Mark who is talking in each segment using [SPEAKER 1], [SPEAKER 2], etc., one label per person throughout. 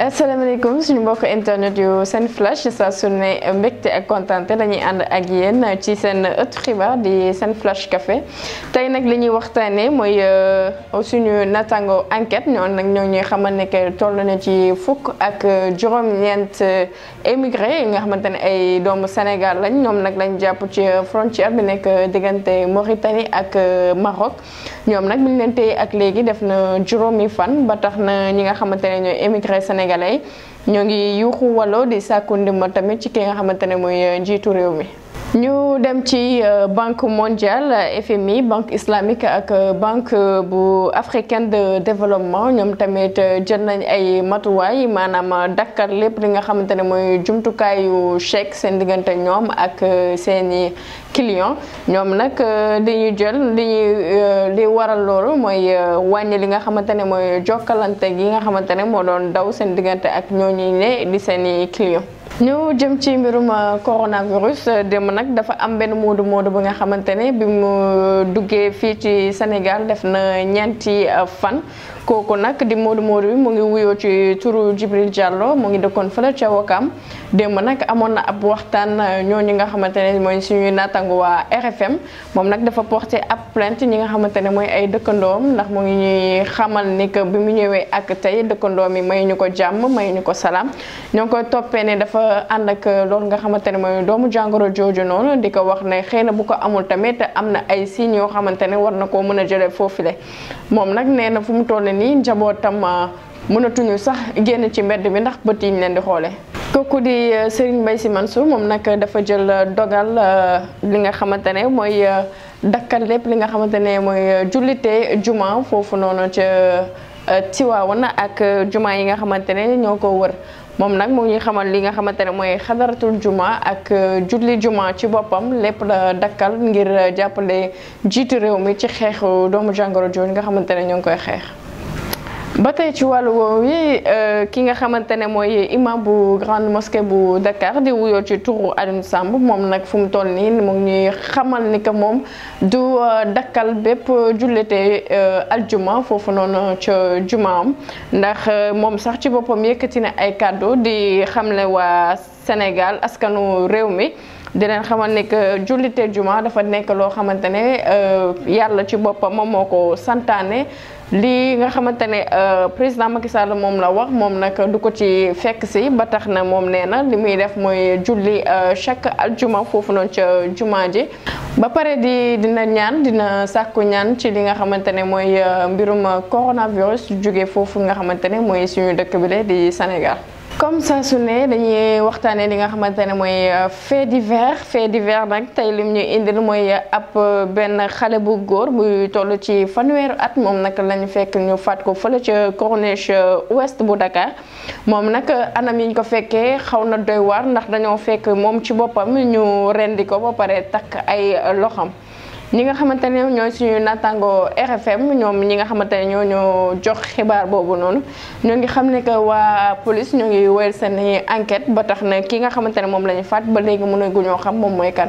[SPEAKER 1] asalaamaaleykum suñu mbokk internet yu seen flash saa su ne mbégte ak kontante dañuy ànd ak yéen ci seen ëttu xibaar di seen flash café tey nag li ñuy waxtaanee mooy euh, suñu natango enquête ñoon nag ñoo ñuy xamal ne que toll na ci fukk ak juróom-ñeent euh, émigré yi nga xamante ne ay doomu Sénégal lañ ñoom nag lañ jàpp ci euh, frontière bi nekk diggante Mauritanie ak Maroc ñoom nag bu ñu leen téye ak léegi def na juróomi fan ba tax na ñi nga xamante ne ñooy émigré Sénégal sénégalais ñoo ngi yuuxu walo di sàkku ndimmal tamit ci ki nga xamante ne mooy euh, njiitu réew mi. ñu dem ci euh, banque mondiale FMI banque islamique ak euh, banque bu africaine de développement ñoom tamit euh, jël nañ ay matuwaay maanaam dakkal lépp li nga xamante ne mooy jumtukaayu chèque seen diggante ñoom ak seeni client ñoom nag li ñu jël li ñuy li waral loolu mooy wàññi li nga xamante ne mooy jokkalante gi nga xamante ne moo doon daw seen diggante ak ñooñu ne di seeni client ñu jëm ci mbirum euh, coronavirus démb nag dafa am benn moodu moodu ba nga xamante ne bi mu euh, duggee fii ci Sénégal def na ñeenti euh, fan kooku nag di moodu moodu bi mu ngi wuyoo ci turu Jibril Diallo mu ngi dëkkoon fële ca Wakam démb nag amoon na ab waxtaan euh, ñooñu nga xamante ne mooy suñuy naatangu waa RFM moom nag dafa porté ab plainte ñi nga xamante ne mooy ay dëkkandoom ndax mu ngi ñuy xamal ni que bi mu ñëwee ak tey dëkkandoom yi may ñu ko jàmm may ko salaam ñoo ngi koy toppee ne dafa ànd ak euh, loolu nga xamante ne mooy doomu jàngoro jooju noonu di ko wax ne xëy na bu ko amul tamit am na ay signes yoo xamante ne war na koo mën a foofu foofule moom nag nee na fu mu toll nii njabootam euh, mënatuñu sax génn ci mbedd bi ndax bët yi ñu leen di xoolee. kooku di euh, Serigne Mbaye Sy Mansour moom nag dafa jël euh, dogal euh, li nga xamante ne mooy dakkal lépp li nga xamante ne mooy jullite juma foofu noonu ca Tiwaawan ak juma yi nga xamante ne ñoo ko wër moom nag moo ñuy xamal li nga xamante ne mooy xadaratul juma ak julli juma ci boppam lépp la dakkal ngir jàppale jiitu réew mi ci xeexu doomu jàngoro jooju nga xamante ne ñoo ngi koy xeex. ba tey ci wàllu woowu yi euh, ki nga xamante ne mooy imam bu grande mosquée bu Dakar di wuyoo ci turu Alioune sàmb moom nag fu mu toll nii mu ngi ñuy xamal ni que moom du euh, dakkal bépp jullite euh, aljuma foofu noonu ca jumaam ndax moom sax ci boppam yëkkati na ay kàddu di xamle waa Sénégal askanu réew mi. di leen xamal ne que jullite juma dafa nekk loo xamante ne euh, yàlla ci boppam moom moo ko santaane lii nga xamante ne euh, président Macky moom la wax moom nag du ko ci fekk si ba tax na moom nee na li muy def mooy julli euh, chaque aljuma foofu noonu ca juma ji ba pare di dina ñaan dina sàkku ñaan ci li nga xamante ne mooy mbirum coronavirus jóge foofu nga xamante ne mooy suñu dëkk bi le di Sénégal comme saa su ne dañuy waxtaanee li nga xamante ne mooy euh, fait divers fait diver nag tey lim ñu indil mooy ab euh, benn xale bu góor bu toll ci fanweeru at moom nag lañu fekk ñu faat ko fële ca corniche euh, ouest bu Dakar moom nag anam yi ñu ko fekkee xaw na doy waar ndax dañoo fekk moom ci boppam ñu rendi ko ba pare takk ay loxam. ñi nga xamante ne ñooy suñu naataango RFM ñoom ñi nga xamante ne ñoo ñoo jox xibaar boobu noonu ñoo ngi xam ne que waa police ñoo ngi wéyal seen enquête ba tax na ki nga xamante ne moom la ñu faat ba léegi mënaguñoo xam moom mooy kan.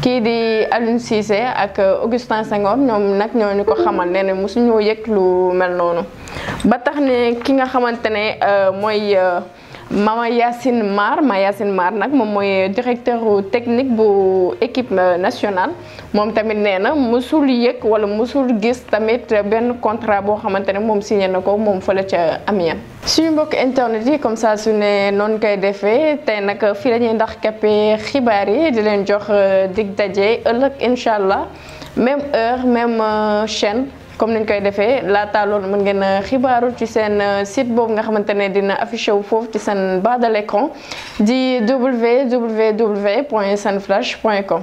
[SPEAKER 1] kii di Alioune Cissé ak euh, Augustin Senghor ñoom nag ñoo ñu ko xamal ne ne mosuñoo yëg lu mel noonu. ba tax ne ki nga xamantene moy Mama yassine Mar ma yassine Mar nak mom moy directeur technique bu équipe nationale mom tamit nee musul yek wala musul gis tamit ben contrat bo xamantene mom signé nako mom fële ci Amiens. suñu mbokk internet yi comme ça su ne non kay defé tay nak fi lañuy ndax capé xibaar yi di len jox dig daje euleuk inshallah même heure même chaîne. comme nañ koy la laata loolu mën ngeen a euh, xibaaru ci seen euh, site boobu nga xamante ne dina affiché wu foofu ci seen bas de l'écran di www.senflash.com